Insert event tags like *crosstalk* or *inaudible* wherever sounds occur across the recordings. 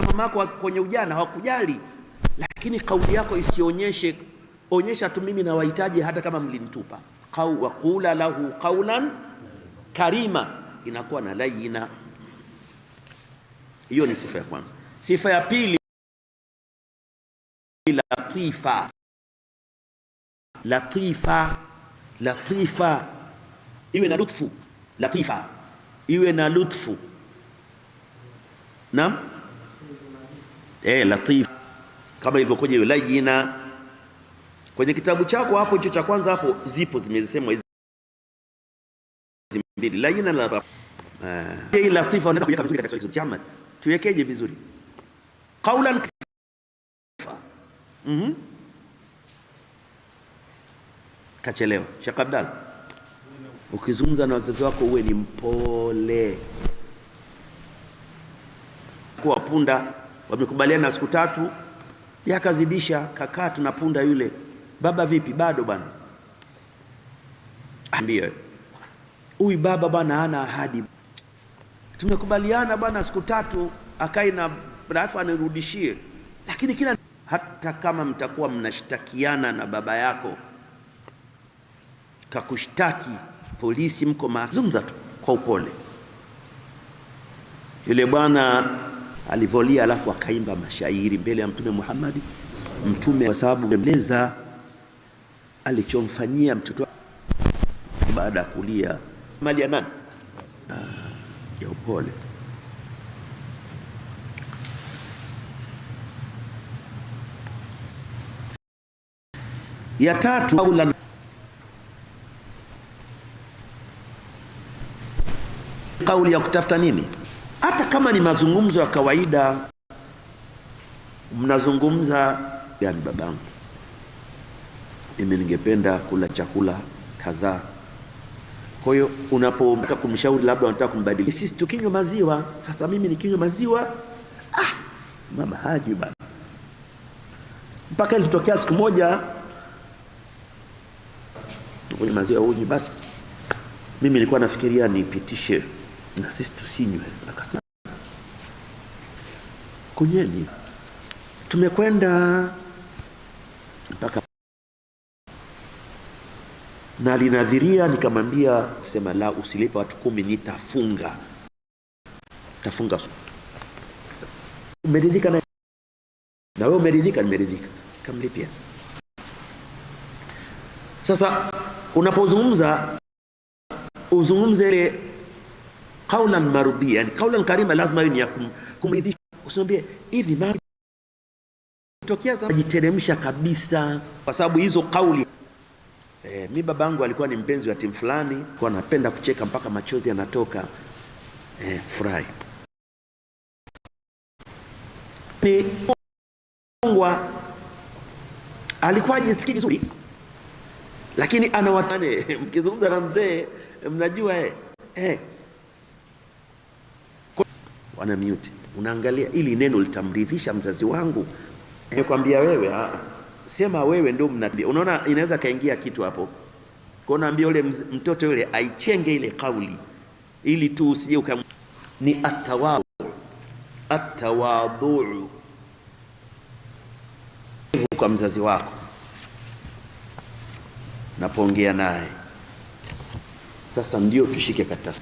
na yako kwenye ujana hawakujali, lakini kauli yako isionyeshe, onyesha tu mimi nawahitaji, hata kama mlinitupa. Qau wa qula lahu qaulan karima, inakuwa na laina Hiyo ni sifa ya kwanza. Sifa ya pili, latifa. Latifa, latifa, iwe na lutfu. Latifa iwe na lutfu, naam eh, latif kama ilivyokuja yulayina kwenye kitabu chako hapo hicho cha kwanza hapo, zipo zimesemwa hizi mbili, layina la eh. latif. Eh, latifa unaweza kuweka vizuri katika kitabu chama tuwekeje vizuri qaulan mhm kachelewa. Sheikh Abdal, ukizungumza na wazazi wako uwe ni mpole, kuwa punda Wamekubaliana na siku tatu, yakazidisha kakaa tuna punda yule. Baba vipi? Bado bwana, ambie ah, huyu baba bwana hana ahadi, tumekubaliana bwana siku tatu akae na alafu anirudishie. Lakini kila hata kama mtakuwa mnashtakiana na baba yako kakushtaki polisi, mko mazungumza tu kwa upole. Yule bwana alivolia, alafu akaimba mashairi mbele ya Mtume Muhammad. Mtume kwa sababu eleza alichomfanyia mtoto baada ya kulia mali ya nani ah, ya upole ya tatu aula kauli ya kutafuta nini? hata kama ni mazungumzo ya kawaida, mnazungumza yani, babangu, mimi ningependa kula chakula kadhaa. Kwa hiyo unapotaka kumshauri, labda unataka kumbadilisha, sisi tukinywa maziwa. Sasa mimi nikinywa maziwa, ah, mama haji bana. Mpaka ilitokea siku moja kwenye maziwa uji, basi mimi nilikuwa nafikiria nipitishe na sisi tusinywe, akasema kujeni Tumekwenda mpaka na linadhiria, nikamwambia kusema la, usilipe watu kumi, nitafunga tafunga. Umeridhika na na wewe umeridhika, nimeridhika, kamlipia. Sasa unapozungumza uzungumze ile kaulan marudia, yani kaulan karima, lazima ni ya kumridhisha usimwambie hivi tokea za jiteremsha kabisa, kwa sababu hizo kauli e, mi babangu alikuwa ni mpenzi wa timu fulani, kwa napenda kucheka mpaka machozi yanatoka. E, furahi Ongwa alikuwa ajisikii vizuri, lakini anawatane *laughs* mkizungumza na mzee mnajua eh, eh. Wana mute unaangalia ili neno litamridhisha mzazi wangu. Nimekwambia wewe haa. Ah, sema wewe ndio mna, unaona inaweza kaingia kitu hapo. Kwa naambia yule mtoto yule aichenge ile kauli ili tu usije uka ni atawadhu atawadhu kwa mzazi wako napoongea naye sasa, ndio tushike katika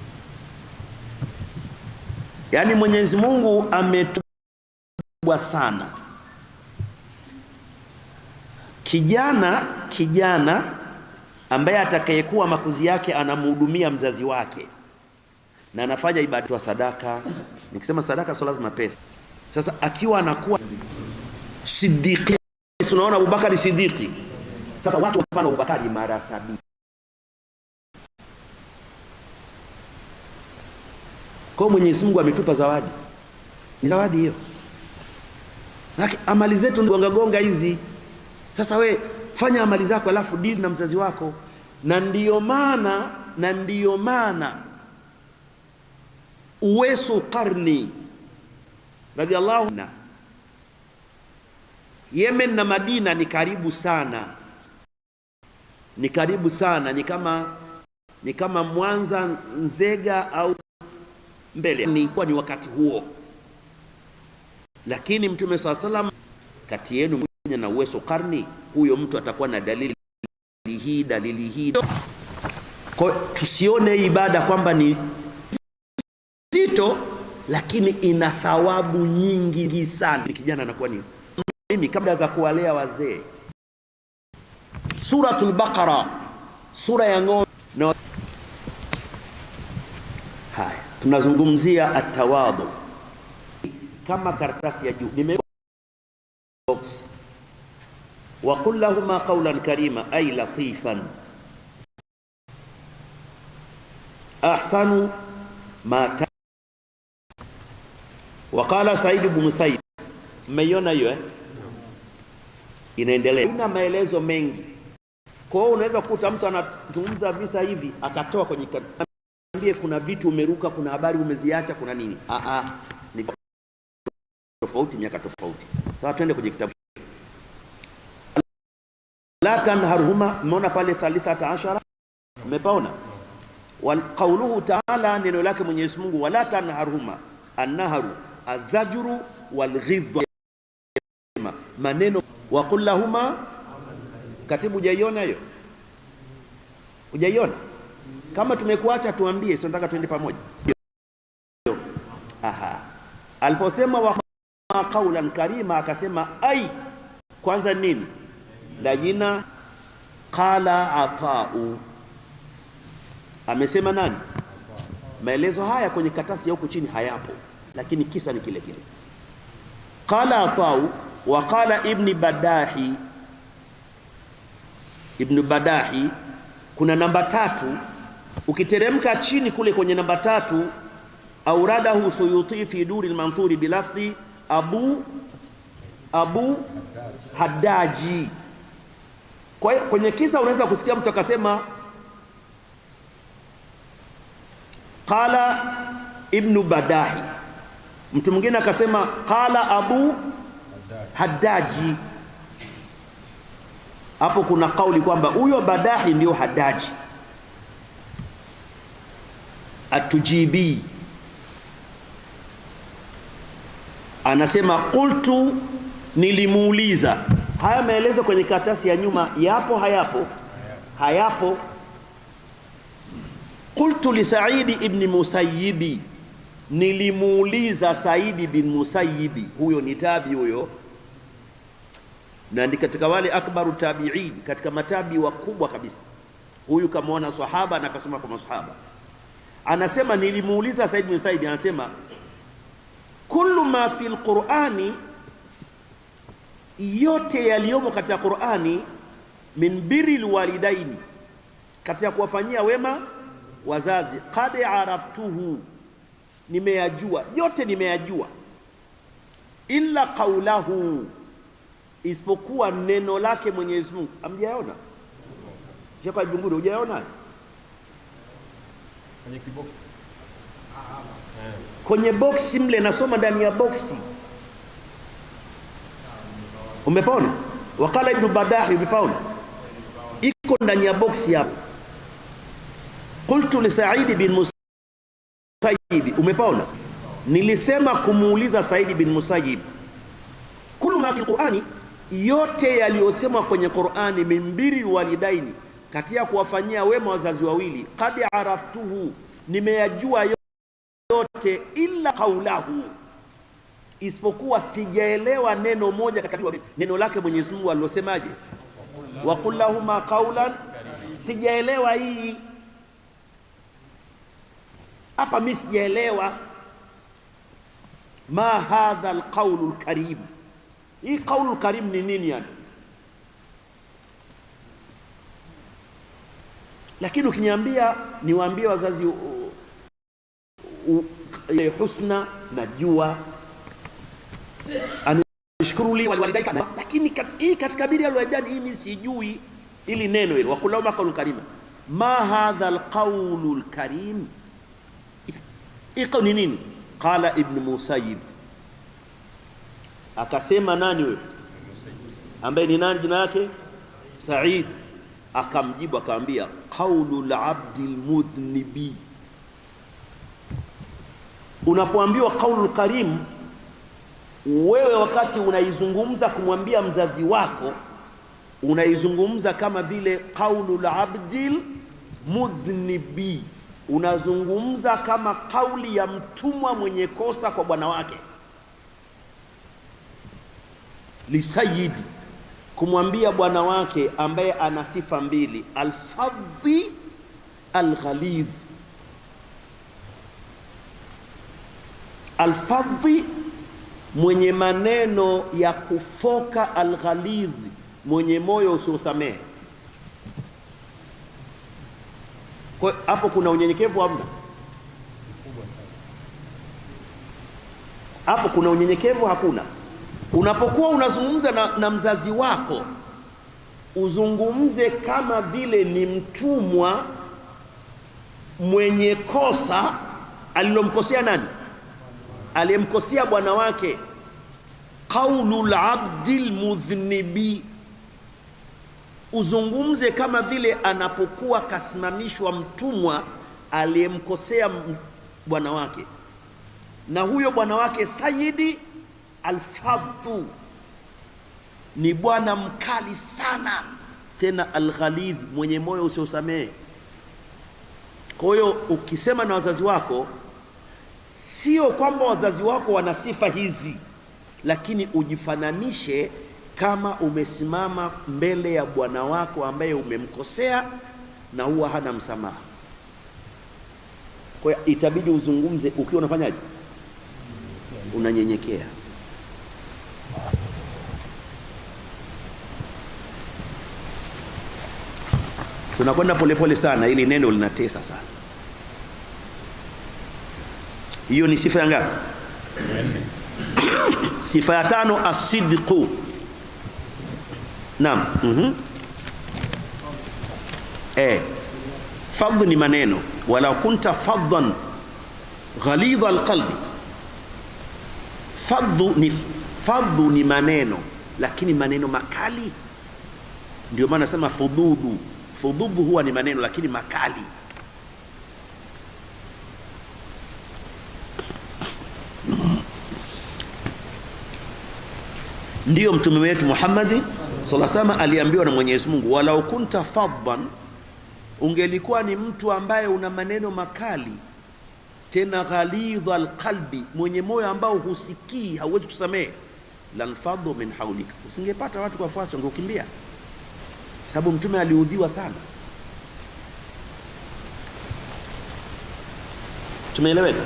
Yaani Mwenyezi Mungu ametubwa sana. Kijana kijana ambaye atakayekuwa makuzi yake anamhudumia mzazi wake na anafanya ibada ya sadaka. Nikisema sadaka sio lazima pesa. Sasa akiwa anakuwa Siddiqi, unaona Abubakari Siddiqi. Sasa watu wafano Abubakari mara sabini Kwa hiyo Mwenyezi Mungu ametupa zawadi, ni zawadi hiyo. Amali zetu gonga gonga hizi. Sasa we fanya amali zako, alafu dili na mzazi wako, na ndiyo maana na ndiyo maana Uwesu Qarni radhiallahu na Yemen na Madina ni karibu sana, ni karibu sana, ni kama ni kama Mwanza Nzega au mbele ilikuwa ni wakati huo, lakini Mtume saa salam, kati yenu mwenye na uwezo karni, huyo mtu atakuwa na dalili hii dalili hii. Kwa tusione ibada kwamba ni zito, lakini ina thawabu nyingi sana. Kijana anakuwa ni mimi kabla za kuwalea wazee, Suratul Baqara, sura ya ng'ombe na tunazungumzia atawadhu kama karatasi ya juu nime box wa qul qawlan karima ay latifan ahsanu ma wa qala Said ibn Said. Mmeiona hiyo eh? Inaendelea, ina maelezo mengi. Kwa hiyo unaweza kukuta mtu anazungumza visa hivi akatoa kwenye Ambie kuna vitu umeruka, kuna habari umeziacha, kuna nini? Ah ah, ni tofauti, miaka tofauti. Sasa twende kwenye kitabu la tanharhuma, mmeona pale thalithata ashara, mmepaona wal qawluhu ta'ala, neno lake Mwenyezi Mungu, wala tanharhuma, annaharu azajru walghidha, maneno wa qul lahuma, katibu hujaiona hiyo, hujaiona kama tumekuacha tuambie, sio nataka tuende pamoja. Aha, aliposema wa qaulan karima, akasema ai, kwanza nini la jina. Qala atau, amesema nani? Maelezo haya kwenye katasi ya huku chini hayapo, lakini kisa ni kile kile. Qala atau wa qala ibni badahi, ibnu badahi, kuna namba tatu Ukiteremka chini kule kwenye namba tatu, auradahu Suyuti fi duri lmanthuri bilafdhi abu abu Hadaji. Kwa hiyo kwenye kisa unaweza kusikia mtu akasema qala ibnu Badahi, mtu mwingine akasema qala abu Hadaji. Hapo kuna kauli kwamba huyo Badahi ndio Hadaji atujibi, anasema qultu, nilimuuliza. Haya maelezo kwenye karatasi ya nyuma yapo hayapo? Hayapo. Qultu li Saidi ibn Musayyibi, nilimuuliza Saidi bin Musayyibi, huyo ni tabi huyo na ni katika wale akbaru tabiin, katika matabi wakubwa kabisa. Huyu kamwona sahaba na akasoma kwa masahaba anasema nilimuuliza Said bin Said, anasema kullu ma fi lqurani yote yaliyomo katika Qur'ani, min birri lwalidaini katika kuwafanyia wema wazazi. Qad araftuhu, nimeyajua yote, nimeyajua illa qaulahu, isipokuwa neno lake Mwenyezi Mungu. Amjaona shaka junguni, hujaona kwenye kiboksi kwenye boksi mle, nasoma ndani ya boksi. Umepona? wakala Ibnu Badahi, umepona? iko ndani ya boksi hapo. Qultu li Saidi bin Musayyib, umepona? nilisema kumuuliza Saidi bin Musayyib, kullu ma fi Qur'ani, yote yaliyosemwa kwenye Qur'ani, mimbiri walidaini katika kuwafanyia wema wazazi wawili, qad araftuhu, nimeyajua yote, illa qaulahu, isipokuwa sijaelewa neno moja katika neno lake Mwenyezi Mungu alilosemaje, wa qul lahuma qaulan, sijaelewa hii hapa, mimi sijaelewa ma hadha alqaulu alkarim, hii qaulu alkarim ni nini yani Lakini ukiniambia niwaambie wazazi u, u, u, husna, najua anishukuru li waliwalidayka, lakini kat, hii katika biri alwalidani hii mimi sijui ili neno hilo, wakulahuma qaulun karima. Ma hadha alqaulu alkarim, iko ni nini? Qala Ibn Musayyib, akasema nani wewe, ambaye ni nani jina yake Said Akamjibu akamwambia qaulu labdi lmudhnibi. Unapoambiwa qaulu lkarim, wewe wakati unaizungumza kumwambia mzazi wako unaizungumza kama vile qaulu labdi lmudhnibi, unazungumza kama kauli ya mtumwa mwenye kosa kwa bwana wake lisayidi kumwambia bwana wake ambaye ana sifa mbili, alfadhi alghalidh. Alfadhi, mwenye maneno ya kufoka, alghalidh, mwenye moyo usiosamehe. Kwa hapo kuna unyenyekevu hamna? Hapo kuna unyenyekevu hakuna? Unapokuwa unazungumza na, na mzazi wako uzungumze kama vile ni mtumwa mwenye kosa alilomkosea nani? Aliyemkosea bwana wake. qaulul abdil lmudhnibi, uzungumze kama vile anapokuwa kasimamishwa mtumwa aliyemkosea bwana wake, na huyo bwana wake sayidi Alfadhu ni bwana mkali sana, tena alghalidh, mwenye moyo usiosamehe. Kwa hiyo ukisema na wazazi wako, sio kwamba wazazi wako wana sifa hizi, lakini ujifananishe kama umesimama mbele ya bwana wako ambaye umemkosea na huwa hana msamaha. Kwa hiyo itabidi uzungumze ukiwa unafanyaje, unanyenyekea. Tunakwenda polepole sana, ili neno linatesa sana. Hiyo ni sifa ya ngapi? *coughs* Sifa ya tano, asidqu. Naam, mhm mm eh, fadhu ni maneno, wala kunta fadhan ghalidha alqalbi. Fadhu ni fadhu ni maneno, lakini maneno makali, ndio maana nasema fududu Fudhubu huwa ni maneno lakini makali. Ndiyo mtume wetu Muhammad sallallahu aliambiwa na Mwenyezi Mungu, walau kunta fadban ungelikuwa ni mtu ambaye una maneno makali tena ghalidha alqalbi, mwenye moyo ambao husikii, hauwezi kusamehe, lanfadhu min haulik, usingepata watu kwa fuasi, ungekimbia sababu mtume aliudhiwa sana. Tumeeleweka?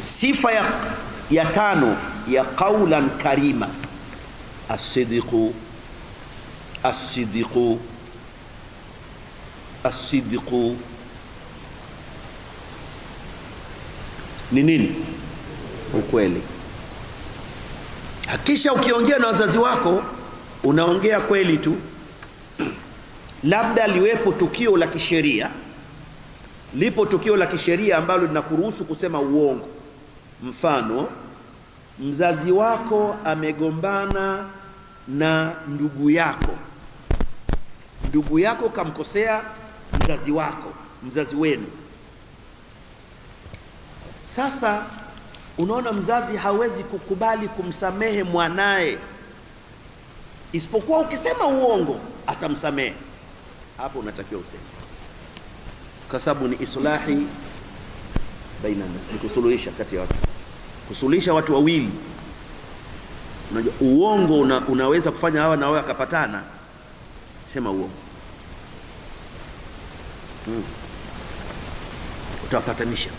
Sifa ya, ya tano ya qaulan karima asidiqu asidiqu asidiqu ni nini? Ukweli. Hakisha ukiongea na wazazi wako unaongea kweli tu labda liwepo tukio la kisheria, lipo tukio la kisheria ambalo linakuruhusu kusema uongo. Mfano, mzazi wako amegombana na ndugu yako, ndugu yako kamkosea mzazi wako, mzazi wenu. Sasa unaona, mzazi hawezi kukubali kumsamehe mwanaye, isipokuwa ukisema uongo atamsamehe hapo unatakiwa useme, kwa sababu ni islahi baina, ni kusuluhisha kati ya watu, kusuluhisha watu wawili. Unajua uongo una, unaweza kufanya hawa na wao akapatana, sema uongo hmm. Utawapatanisha.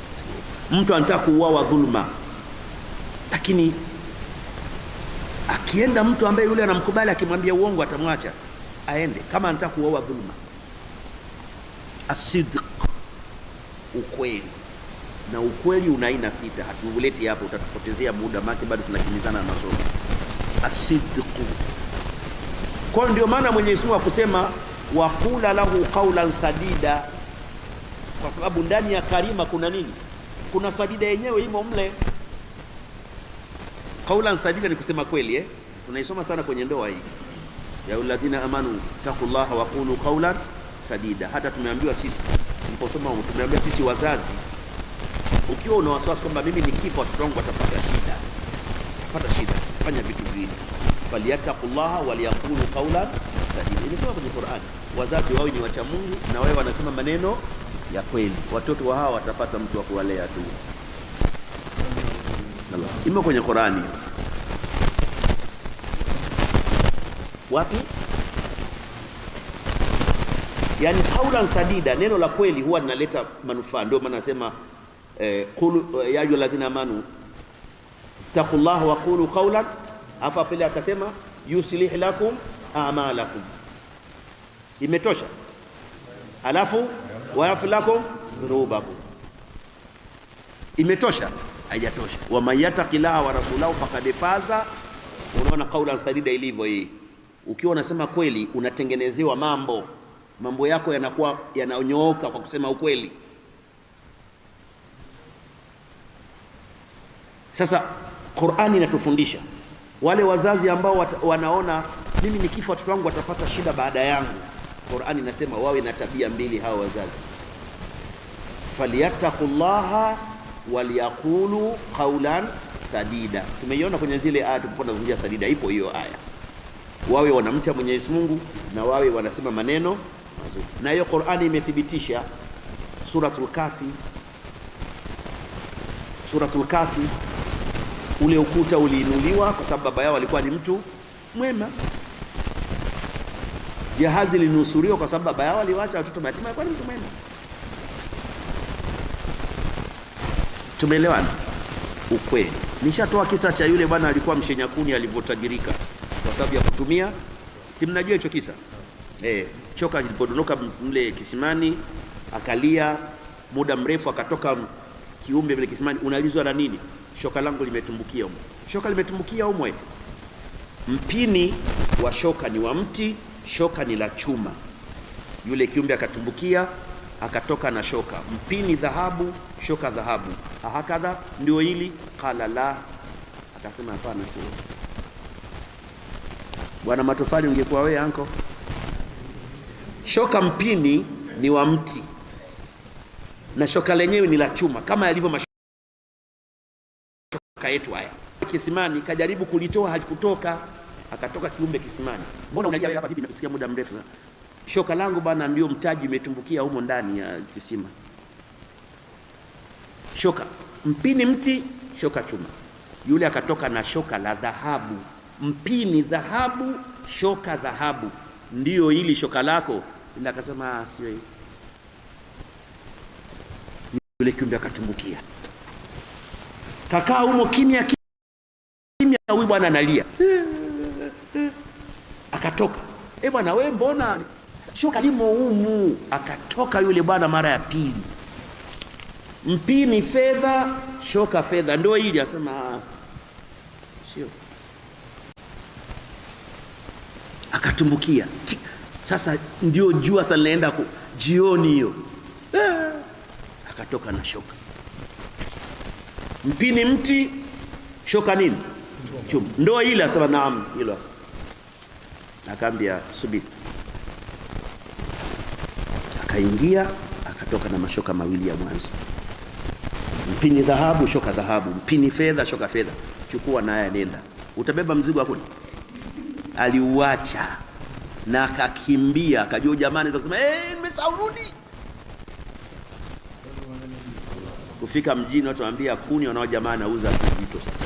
Mtu anataka kuuawa dhulma, lakini akienda mtu ambaye yule anamkubali akimwambia uongo atamwacha aende, kama anataka kuuawa dhulma asidq, ukweli. Na ukweli una aina sita, hatuuleti hapo, utatupotezea muda, maana bado tunakimizana na masomo. Asidq kwa ndio maana Mwenyezi Mungu akusema waqula lahu qaulan sadida, kwa sababu ndani ya karima kuna nini? Kuna sadida yenyewe imo mle. qaulan sadida ni kusema kweli eh? Tunaisoma sana kwenye ndoa hii ya alladhina amanu taqullaha wa qulu qaulan Sadida. Hata tumeambiwa sisi mposoma, tumeambiwa sisi wazazi, ukiwa una wasiwasi kwamba mimi kifo, watoto wangu watapata shida, watapata shida, fanya vitu viwili, falyattaqullaha waliyaqulu qawlan sadida. Imesema kwenye Qur'an, wazazi wawe ni wacha Mungu na wawe wanasema maneno ya kweli, watoto wa hawa watapata mtu wa kuwalea tu. Imo kwenye Qur'ani wapi? yani kaulan sadida, neno la kweli huwa linaleta manufaa. Ndio maana nasema eh, qul eh, ya ayyuha alladhina amanu taqullaha wa qulu qawlan afa, pili akasema yuslih lakum a'malakum, imetosha. Alafu wayaghfir lakum dhunubakum, imetosha. Haijatosha, waman yattaqillaha wa rasulahu faqad faza. Unaona kaulan sadida ilivyo hii, ukiwa unasema kweli unatengenezewa mambo mambo yako yanakuwa yananyooka kwa kusema ukweli. Sasa Qur'ani inatufundisha wale wazazi ambao wat, wanaona mimi nikifa watoto wangu watapata shida baada yangu. Qur'ani inasema wawe na tabia mbili hao wazazi, falyattaqullaha waliyaqulu qawlan sadida. Tumeiona kwenye zile aya tulipokuwa tunazungumzia sadida, ipo hiyo aya, wawe wanamcha Mwenyezi Mungu na wawe wanasema maneno mazuri, na hiyo Qur'ani imethibitisha. Suratul Kafi, Suratul Kafi, ule ukuta uliinuliwa kwa sababu baba yao alikuwa ni mtu mwema. Jahazi linusuriwa kwa sababu baba yao aliwaacha watoto mayatima, alikuwa ni mtu mwema. Tumeelewana? Ukweli nishatoa kisa cha yule bwana alikuwa mshenyakuni alivyotajirika kwa sababu ya kutumia, si mnajua hicho kisa eh? choka alipodondoka mle kisimani akalia muda mrefu, akatoka kiumbe mle kisimani. Unalizwa na nini? Shoka langu limetumbukia umwe. Shoka limetumbukia umwe. Mpini wa shoka ni wa mti, shoka ni la chuma. Yule kiumbe akatumbukia akatoka na shoka. Mpini dhahabu, shoka dhahabu. Ahakadha ndio hili? Qala la, akasema hapana, sio. Bwana Matofali, ungekuwa wewe anko Shoka mpini ni wa mti na shoka lenyewe ni la chuma kama yalivyo mashoka yetu haya. Kisimani kajaribu kulitoa halikutoka, akatoka kiumbe kisimani. Mbona unalia hapa vipi? Nasikia muda mrefu sana. Shoka langu bana, ndio mtaji umetumbukia humo ndani ya kisima. Shoka mpini mti, shoka chuma. Yule akatoka na shoka la dhahabu. Mpini dhahabu, shoka dhahabu, ndiyo hili shoka lako ila akasema ah, sio hivi. Yule kiumbe akatumbukia, kakaa humo kimya kimya, huyu bwana analia, akatoka. E bwana we, mbona shoka limo humu? Akatoka yule bwana mara ya pili, mpini fedha, shoka fedha, ndio hili. Asema ah, sio, akatumbukia sasa ndio jua sasa linaenda jioni hiyo, eh, akatoka na shoka. Mpini mti, shoka nini? Chuma. Ndoa ile asema naam, hilo akaambia subiri, akaingia akatoka na mashoka mawili ya mwanzo, mpini dhahabu, shoka dhahabu, mpini fedha, shoka fedha. Chukua na haya, nenda, utabeba mzigo. Hakuna aliuacha na akakimbia, akajua jamaa anaweza kusema eh, nimesaurudi. Kufika mjini, watu wanaambia kuni, wanao jamaa anauza vijito. Sasa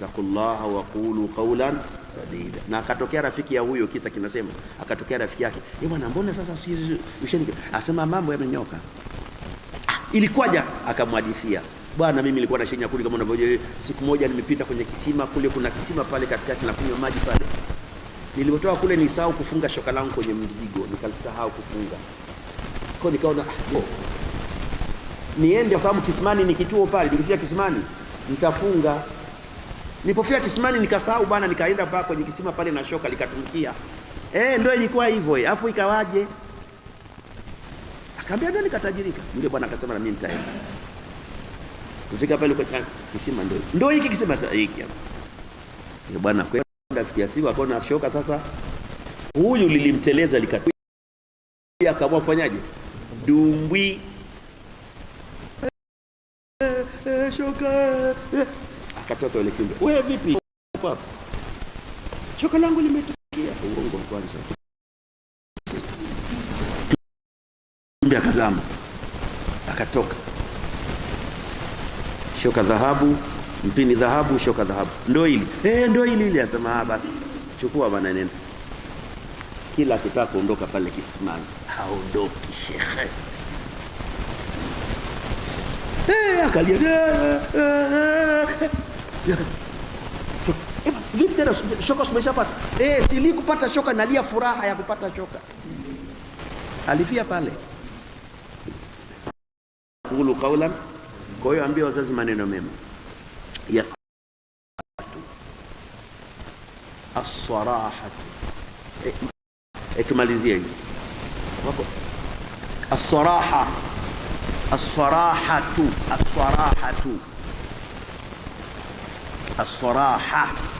taqullaha wa qulu qawlan sadida. Na akatokea rafiki ya huyo, kisa kinasema akatokea rafiki yake, eh bwana, mbona sasa sisi usheni, asema mambo yamenyoka. Ah, ilikuwaje? Akamwadithia Bwana, mimi nilikuwa na shenya kuli kama unavyojua. Siku moja nimepita kwenye kisima kule, kuna kisima pale katikati, na kunywa maji pale, nilipotoka kule nisahau kufunga shoka langu kwenye mzigo, nikalisahau kufunga kwa nikaona ah, oh. niende kwa sababu Kisimani ni kituo pale. Nikifika Kisimani nitafunga. Nilipofika Kisimani nikasahau bana, nikaenda paa kwenye kisima pale na shoka likatumkia. Eh, ndio ilikuwa hivyo. eh. Afu ikawaje? Akaambia ndio nikatajirika. Ndio bwana akasema na mimi nitaenda. Kufika pale kwa kisima ndio. Ndio hiki kisima hiki hapa. Ndio bwana kwa siku ya siku akaona ashoka sasa, huyu lilimteleza likatui, akaamua kufanyaje? Dumbwi shoka akatoka ile kimbe, wewe vipi hapa? Shoka langu limetukia. Uongo kwanza, kimbe akazama, akatoka shoka dhahabu mpini dhahabu, shoka dhahabu, ndo ili eh, ndo ili ile. Asema ah, basi chukua bana, nenda. Kila kitaka kuondoka pale kisimani haondoki shekhe. Eh, akalia eh, eh, eh, vipi tena, shoka umeshapata? Eh, sili kupata shoka, nalia furaha ya kupata shoka. Alifia pale kulu kaulan. Kwa hiyo ambia wazazi maneno mema ya eh, eh, sarahatu asarahatu e, tumalizieni asaraha asarahatu asarahatu asaraha